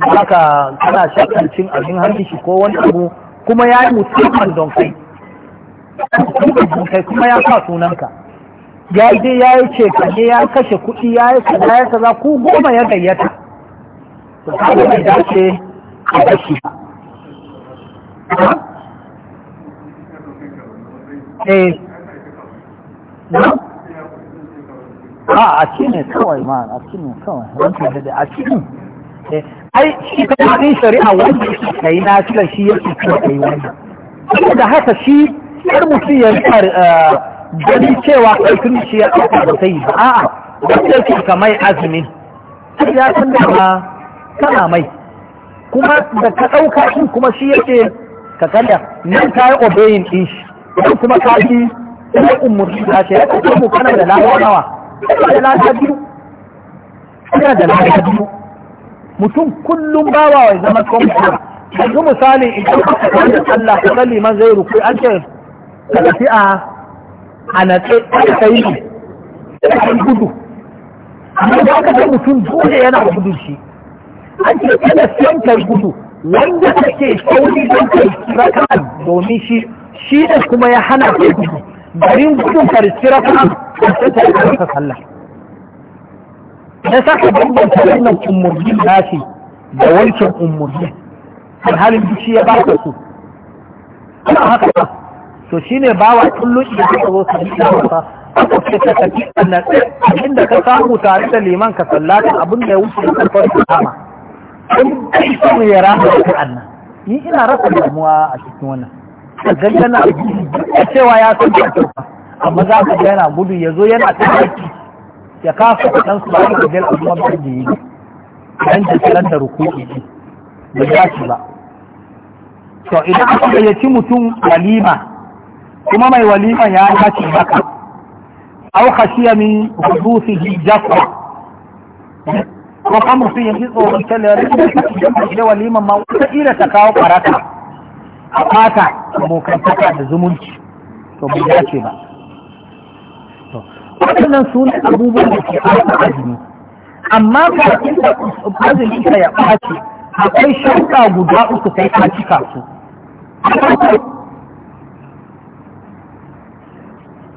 [SPEAKER 1] haka kana shakkan cin abin hannun shi ko wani abu kuma ya yi musamman don kai kuma ya sa sunanka ya yi je ya yi cekane ya kashe kuɗi ya yi kaza ya kaza ku goma ya gayyata to
[SPEAKER 2] kaga bai dace
[SPEAKER 1] a dashi. eh ah, a a cikin kawai ma a cikin kawai wancan da a cikin eh,
[SPEAKER 2] ai shi ka yi shari'a wanda ka
[SPEAKER 1] yi na shi yake kuma ka yi wannan saboda haka shi har mutum ya eh, gani cewa kai tun shi ya ɗauka da sai ba a'a da ke ka mai azumi sai ya san da ma kana mai kuma da ka ɗauka shi kuma shi yake ka kalla nan ka yi obeyin ɗin shi nan kuma ka yi sai umurci da shi ya ɗauka mu kana da lafiya nawa kana da lafiya biyu kana da lafiya biyu mutum kullum bawa wai zama kwamfuta yanzu misali idan ka kalli Allah ka kalli man zai ruku an ce ka tafi a a natse aka kai ne aka gudu amma da aka ga mutum dole yana gudu shi an ce kada siyan kai gudu wanda kake sauri don kai raka domin shi shi ne kuma ya hana kai gudu garin gudun karci raka sai ta yi karfa sallah Ya saka bambanta wannan umurjin nashi da wancan umurjin alhalin duk shi ya ba su ana haka ba to shi shine bawa kullum idan suka zo su yi wasa aka ce ka tafi annan abin da ka samu tare da liman ka sallata abin da ya wuce da su kama in kai son ya rasa da Qur'an ni ina rasa damuwa a cikin wannan
[SPEAKER 2] a a
[SPEAKER 1] yana cewa ya san ba. amma za ka yana gudu ya zo yana tafi ya kafa da su ba ka a amma ba da yi dan da salan da ruku'i ne ba ba to idan aka yaci mutum walima kuma mai walima ya yi dace haka aw khashiya min hudusihi jafra ko kan mutum ya ji tsoron kyalle ya rikin da waliman ma wata ila ta kawo faraka a fata abokantaka da zumunci to bai dace ba waɗannan su ne abubuwan da ke fata azumi amma kafin da azumi ka ya ɓace akwai shakka guda uku sai ka cika su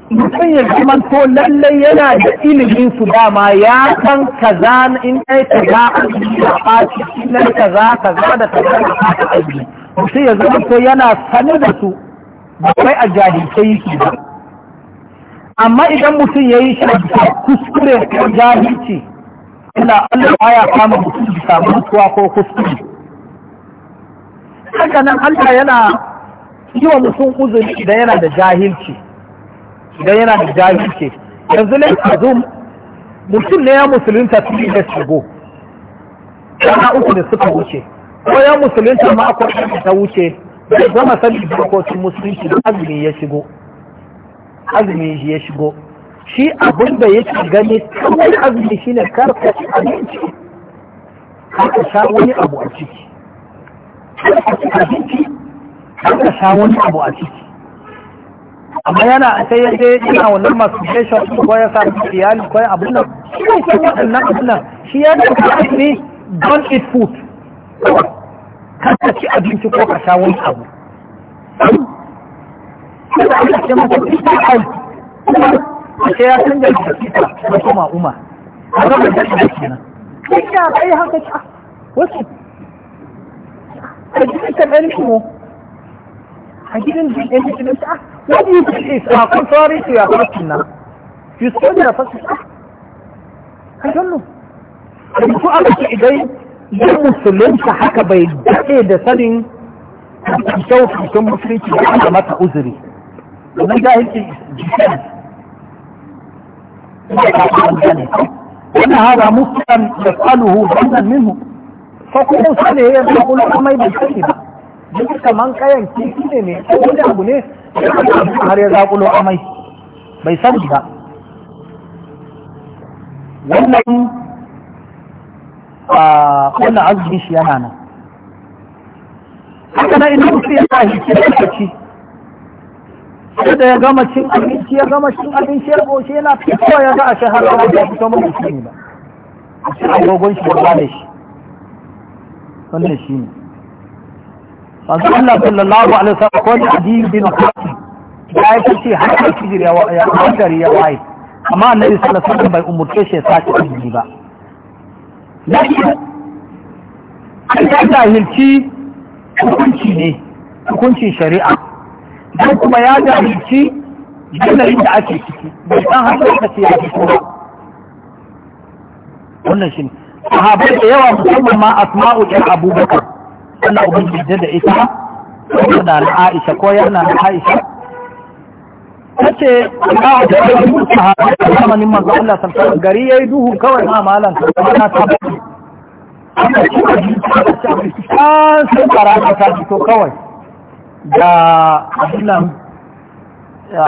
[SPEAKER 1] mutum ya zama to lallai yana da ilimin su dama ya san kaza in kai za a ɓaci za kaza za da kaza da kaza aiki mutum ya zama to yana sani da su ba kai a jahilce su. ba amma idan mutum ya yi shi da kuskure ko jahilci ina Allah baya kama mutum samu mutuwa ko kuskure haka nan Allah yana yi wa mutum uzuri idan yana da jahilci idan yana da jahilce yanzu ne a zo mutum ne ya musulunta su da go
[SPEAKER 2] kana uku da
[SPEAKER 1] suka wuce ko ya musulunta ma akwai da ta wuce bai zama sani dokokin musulunci da azumi ya shigo azumi ya shigo shi abin da ci gani kawai azumi shine ne ci abinci karka sha wani abu a ciki karka abinci sha wani abu a ciki amma yana sai ya je yana wannan masturbation ko ya sa iyali ko ya abun nan shi ne nan shi ya da ne don't eat food kada ci abinci ko ka wani abu kada aka ce masa ita ai a ce ya san da ita da kuma umma a da ita kenan kai ya kai haka ta wasu a gidan ta a gidan ɗan ta What is it? is uh, contrary to your fasting now. You study the fasting. I don't know. Yanzu aka idan
[SPEAKER 2] ya
[SPEAKER 1] haka bai daɗe da sanin kyau musulunci da ana mata uzuri. Wannan jahilci jikin. Wannan hada musulun da tsaluhu wannan minhu. kuma sani ya yi kuma mai bai sani ba. Jikin kaman kayan kifi ne mai abu ne har ya zaƙulo amai bai san ba wannan wannan arzikin shi yana nan
[SPEAKER 2] haka na inda mutum yana hiki shi da ci
[SPEAKER 1] sai da ya gama cin abinci ya gama cin abinci ya goce yana fitowa ya ga a shi da ya fito mai shi ne ba a cikin agogon shi da ba da shi wannan shi ne manzo Allah sallallahu alaihi wasallam ko da hadisi bin Qasim ya yi kace har da kijir ya wadar ya wai amma annabi sallallahu alaihi wasallam bai umurce shi ya sace kijiri ba an ta hilci hukunci ne hukuncin shari'a don kuma ya ga hilci yanayin da ake ciki bai san hankali kace ya ji kuma wannan shi ne sahabai da yawa musamman ma asma'u da abubakar Allah ubangiji da ita yana na Aisha ko yana da Aisha tace Allah da ya sahaba zamanin manzo Allah sallallahu gari ya gari yayi duhu kawai ma malan ta ta an sun fara ta fito kawai da abinan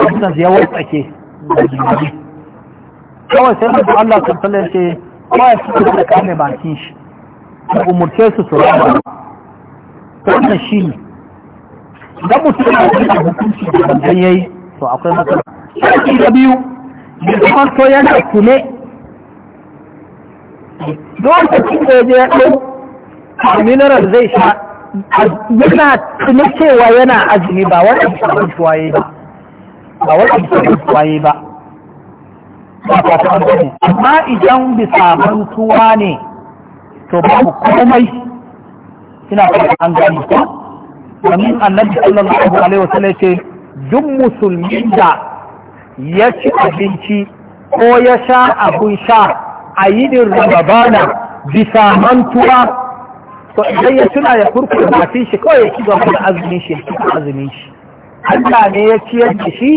[SPEAKER 2] abinan ya wasake
[SPEAKER 1] da kawai sai mutu Allah sun ya ce kawai su ne ba bakin shi umurce su su rama wannan shi ne idan mutum ya yi da hukunci da bangan ya yi to akwai matsala shi da biyu da kuma to yana kule lokacin da ya je ya ɗau mineral zai sha yana tuni cewa yana azumi ba wani sabon waye ba ba wani sabon waye ba amma idan bisa mantuwa ne to babu komai ina fara an gani ko amin annabi sallallahu alaihi wasallam ce duk musulmin da ya ci abinci ko ya sha abun sha a yinin rababana bisa mantuwa to idan ya tuna ya kurkura mafi shi kawai ya ci gaba da azumin shi ya ci azumin shi Allah ne ya ciyar da shi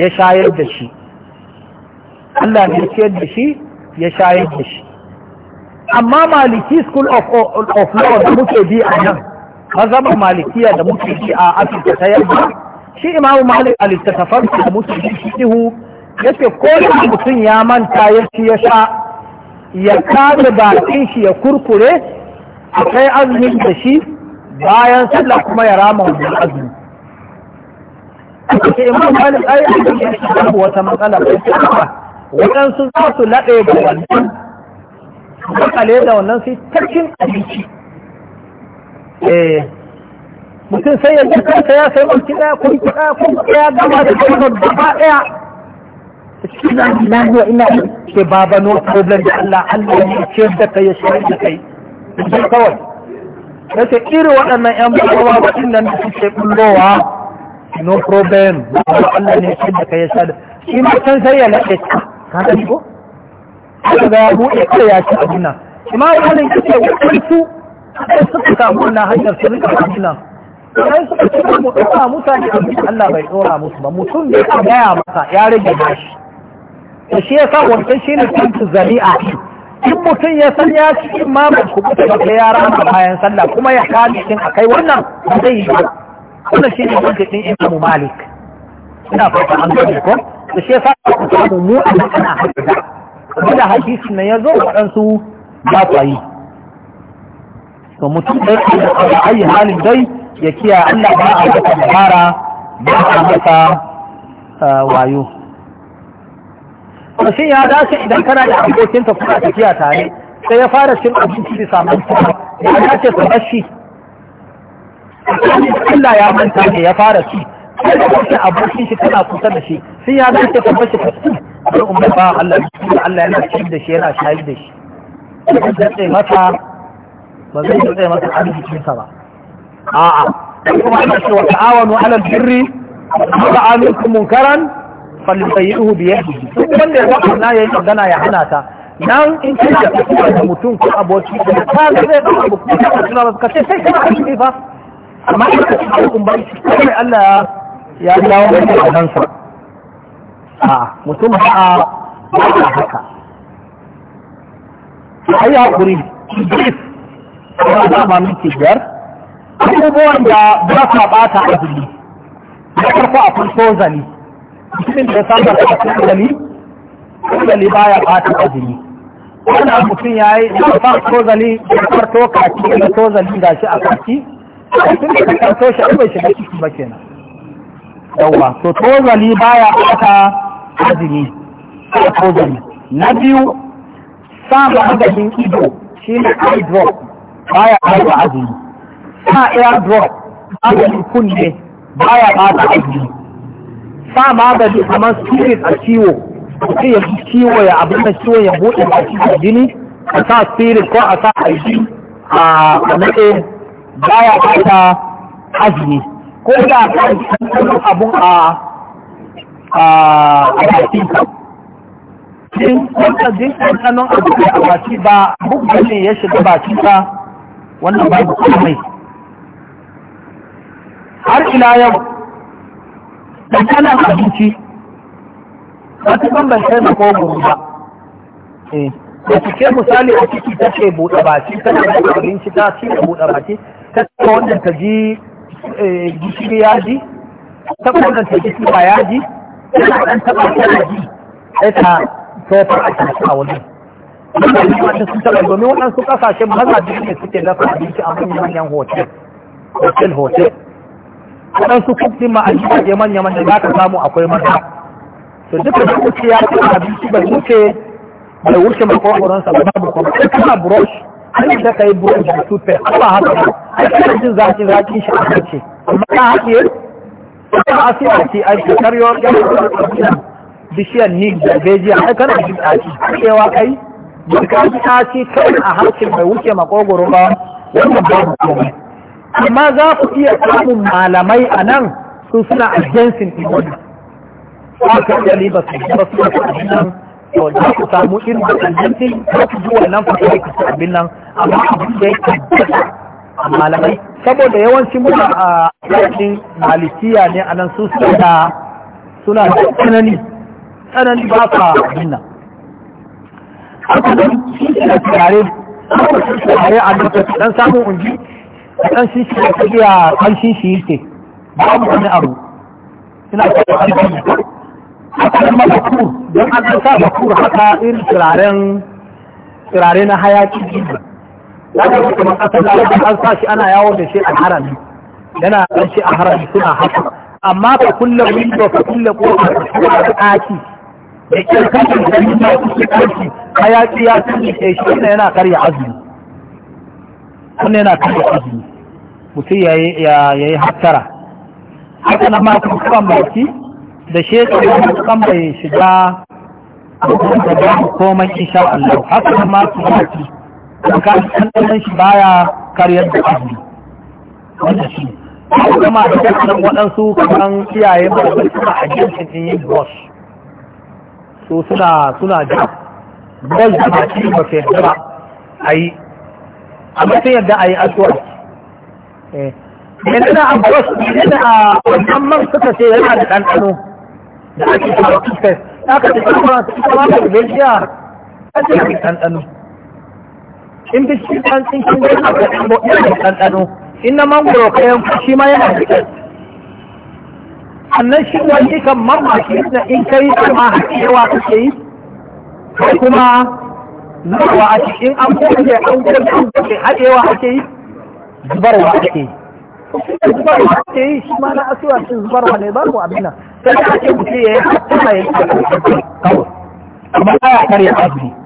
[SPEAKER 1] ya shayar da shi Allah ne ya ciyar da shi ya shayar da shi amma maliki school of, of law da muke bi a nan mazhabar malikiya da muke bi a afirka ta yamma shi imamu malik a littattafan da muke bi ihu yake ko da mutum ya manta ya ci ya sha ya kare bakin shi ya kurkure akai azumin da shi bayan sallah kuma ya rama wannan azumi ake imamu malik ai a cikin wata matsala waɗansu za su laɗe da wannan makale da wannan sai tarkin abinci eh, mutum sai ya jirka ta ya sai mulki daya kun ki daya ɗaya, daya gama da kuma gaba daya cikin lahi ina ke baba no problem da Allah Allah ya ce da kai ya shi da kai sai kawai na ce irin waɗannan ƴan babawa waɗannan da suke bullowa no problem Allah ne ya ce da kai ya shi da kai shi ma can sai ya laɗe ka ka ko
[SPEAKER 2] aka ga ya buɗe kai ya a
[SPEAKER 1] abin nan imam malik yake wadansu sai suka samu wannan hanyar su rika abin nan sai suka ci mu ɗauka mutane a abin Allah bai ɗora musu ba mutum da ya gaya masa ya rage bashi da shi ya sa wancan shi ne kantu zari'a in mutum ya san ya ci imamin kubuta da ta yara a bayan sallah kuma ya kame shi akai wannan ba zai yi ba wannan shi ne wanda ɗin imamu malik ina fata an gani ko da shi ya sa ku samu mu a nan ana haɗa kuma da hadisin na ya zo waɗansu ba su yi to mutum da yake da kawai ayi halin dai ya kiya Allah ba a da fara ba a masa wayo to ya dace idan kana da ta kuma tafiya tare sai ya fara cin abinci bisa mantuwa ya dace ka bar shi Allah ya manta ne ya fara ci sai da abokin shi tana kusa da shi sai ya dace ka bar shi ka sai kuma ba Allah Allah yana cikin da shi yana shayar da shi da tsaye masa ba zai tsaye masa arzikin sa ba a'a sai kuma ana cewa ta'awanu alal birri wa ta'amukum munkaran falyusayihu bi yadihi duk wanda ya zaka na yayin magana ya hana ta nan in kina tafiya da mutum ko aboki da ta zai ba abu ko ta tsara ka ce sai kana aiki fa amma in ka ci kun bai sai Allah ya dawo da kansa a mutum a ba haka a yi haƙuri iblis ya zama miki biyar abubuwan da ba sa ɓata azumi da farko a farko zali mutumin da ya saba da cikin zali zali baya ɓata azumi wanda mutum ya yi ya farko zali ya farko kaki da farko zali da shi a kaki mutum da ya farko shi a bai shiga ciki ba kenan yawwa to tozali baya ɓata azumi ko gari na biyu samu maganin ido shi ne eye drop baya ƙarfa azumi sa air drop maganin kunne baya ƙata azumi sa magani kamar spirit a ciwo sai ya ji ciwo ya abin da ciwo ya buɗe a cikin gini, a sa spirit ko a sa aiki a kamaɗe baya ƙata azumi ko da abun a a bakinka in kwanzajin ɗanɗanon abu a baki ba bukka ne ya shiga ba wannan ba babu komai har ila yau da ɗanɗanon abinci wata kan ban kai na kogo ba eh, da cike misali a ciki ta ce buɗe baki ta ce abinci ta ce buɗe baki ta ce wanda ta ji eh, gishiri ya ji ta ce wanda ta ji ba ya ji yana ɗan taɓa kana ji sai ka tofar a cikin a wani wanda sun taɓa domin waɗansu ƙasashen mazaje ne suke dafa abinci a manyan hotel
[SPEAKER 2] hotel hotel
[SPEAKER 1] waɗansu kuɗin ma a gidaje manya manya za ka samu akwai maza to duka da kuke ya ce abinci bai wuce bai wuce makwakwuransa ba babu kuma sai kana brush an da ka yi brush da toothpaste ba haka ba ai kana jin zaki zakin shi a kace amma ka haɗiye kuma a sai a ce a shekar yawar yan bishiyar ni da bejiya a kan a ji ɗaci cewa kai da ka ji ɗaci kai a harshen mai wuce makogoro ba
[SPEAKER 2] wannan ba mu komai
[SPEAKER 1] amma za ku iya samun malamai a nan su suna a agensin ɗin ba ka iya riba su ba su da abin nan to za ku samu irin da agensin za ku ji wannan fasari ku abin nan amma abin da ya tabbata malamai saboda yawanci muna a yankin malikiya ne a nan su suna suna da tsanani tsanani ba sa nuna haka shi da tare tare a nan dan samun unji dan shi shi da tafiya kanshin shi yake ba mu wani abu ina da nan an sa bakur haka irin turaren na hayaki wannan kuma kasar da an sa shi ana yawo da shi a harami yana ɗan shi a harami suna haka amma ka kulle window ka kulle ƙofa ka kulle ɗaki da ƙin kashin da yi masu shi ɗaki hayaƙi ya tuni ke shi wannan yana karya azumi wannan yana karya azumi mutum ya yi hattara haka na ma kan baki da shekaru kan bai shiga da komai insha Allah haka na ma kan tsakanin ɗanɗanon shi baya karyar da azumi wanda shi ko kuma da kasanan waɗansu kaman iyaye ba da suna ajiyar din yin bos so suna suna da bos da mace ba sai ba. a yi amma sai yadda a yi asuwar eh. yanzu na abuwas yanzu a wannan man suka ce yana da ɗanɗano da ake kawo tufes aka ce kuma su kama da bejiya a cikin ɗanɗano in bishi ɗan tsinkin da yana da ɗanɗano in na mangoro kayan shi ma yana da sannan shi wani kan mamaki na in kai ma yawa kake yi kuma
[SPEAKER 2] zuwa a cikin an kwanke an kwanke haɗewa ake
[SPEAKER 1] yi zubarwa ake yi zubarwa ake yi shi ma na asuwa sun zubarwa ne babu abin nan sai da ake mutu ya yi hatta kuma yi kawai amma ya karya azumi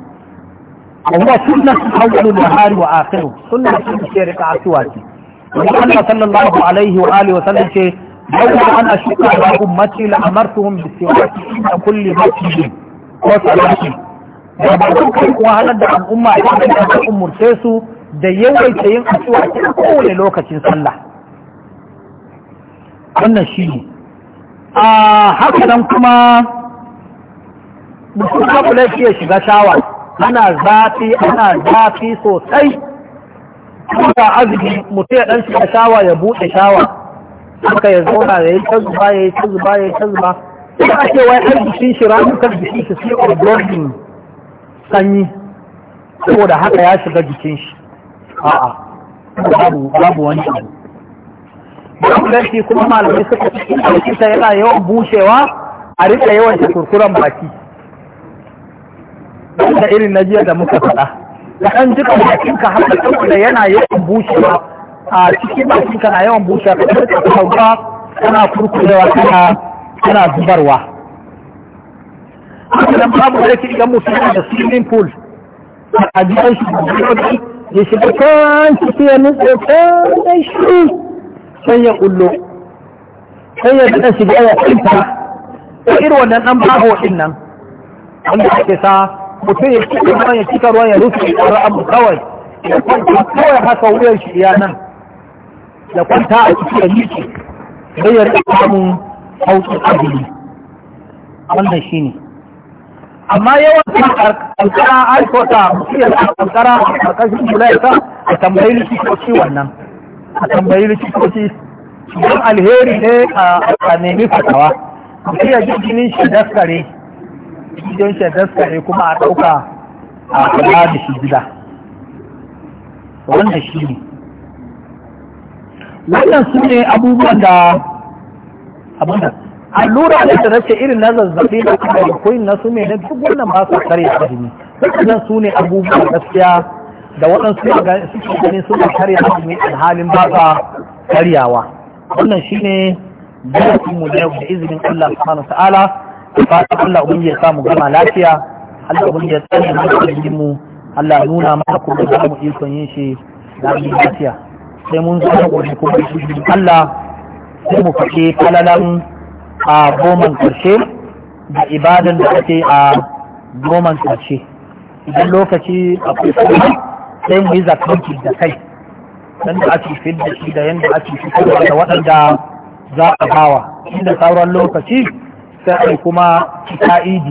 [SPEAKER 1] amma sunna hawlu nahari wa akhiru sunna sunna ce rika asuwaki
[SPEAKER 2] Muhammad sallallahu
[SPEAKER 1] alaihi wa alihi wa sallam ce dan ko an ashuka ba ummati la da kulli masjid ko salati da ba kai ko halar da al'umma a cikin da umurce su da yawai ta yin asuwa a kowane lokacin sallah wannan shi a haka nan kuma musulman kula ya shiga shawara ana zafi ana zafi sosai kuma azumi mutu ya dan shiga shawa ya buɗe shawa haka ya zauna ya yi ta zuba ya yi ta zuba ya yi ta zuba ina ake wai har jikin shi ramukan jikin shi sai ordodin sanyi saboda haka ya shiga jikin shi a'a
[SPEAKER 2] babu babu wani abu
[SPEAKER 1] babu kuma malamai suka cikin alkita yana yawan bushewa a rika yawan kurkuren baki da irin na jiya da muka faɗa da ɗan jika bakinka haka ɗauka da yana yawan bushewa a cikin bakin kana yawan bushewa ka ɗauka kauka kana kurkurewa kana kana zubarwa haka nan babu da yake idan mutum da swimming pool a gidan shi da ya shiga can ciki ya nutse can shi sai ya kullo sai ya daɗa shiga ya kwanta irin wannan ɗan baho ɗin nan wanda ake sa mutum ya cika ruwan ya cika ruwan ya rufe abu kawai ya kwanta kawai haka wuyan shi ya nan ya kwanta a cikin ya miƙe sai ya rika samun sauƙin azumi wannan shi ne amma yawan kankara an sota mutum ya sa kankara a ƙarƙashin mulaika a tambayi likitoci wannan a tambayi likitoci don alheri ne a nemi fatawa mutum ya ji jinin shi daskare gidan shi ne kuma a ɗauka a kula da shi gida wannan shi ne wannan su ne abubuwan da abinda allura da ta race irin na zazzabi da kuma koyin na su ne na duk wannan ba su karya azumi wannan su ne abubuwan gaskiya da waɗansu suke ganin suna karya azumi halin ba sa karyawa wannan shi ne darasinmu da yau da izinin Allah subhanahu wa ta'ala fata Allah ubangiji ya samu gama lafiya Allah ubangiji ya tsare mu da mu Allah nuna mana kuma za mu ikon yin shi da lafiya sai mun zo da gobe kuma Allah sai mu fake falalan a goman karshe da ibadan da ake a goman karshe idan lokaci akwai kuma sai mu yi zakanki da kai yadda ake fidda shi da yadda ake fitarwa da waɗanda za a bawa inda sauran lokaci sa’i kuma ta idi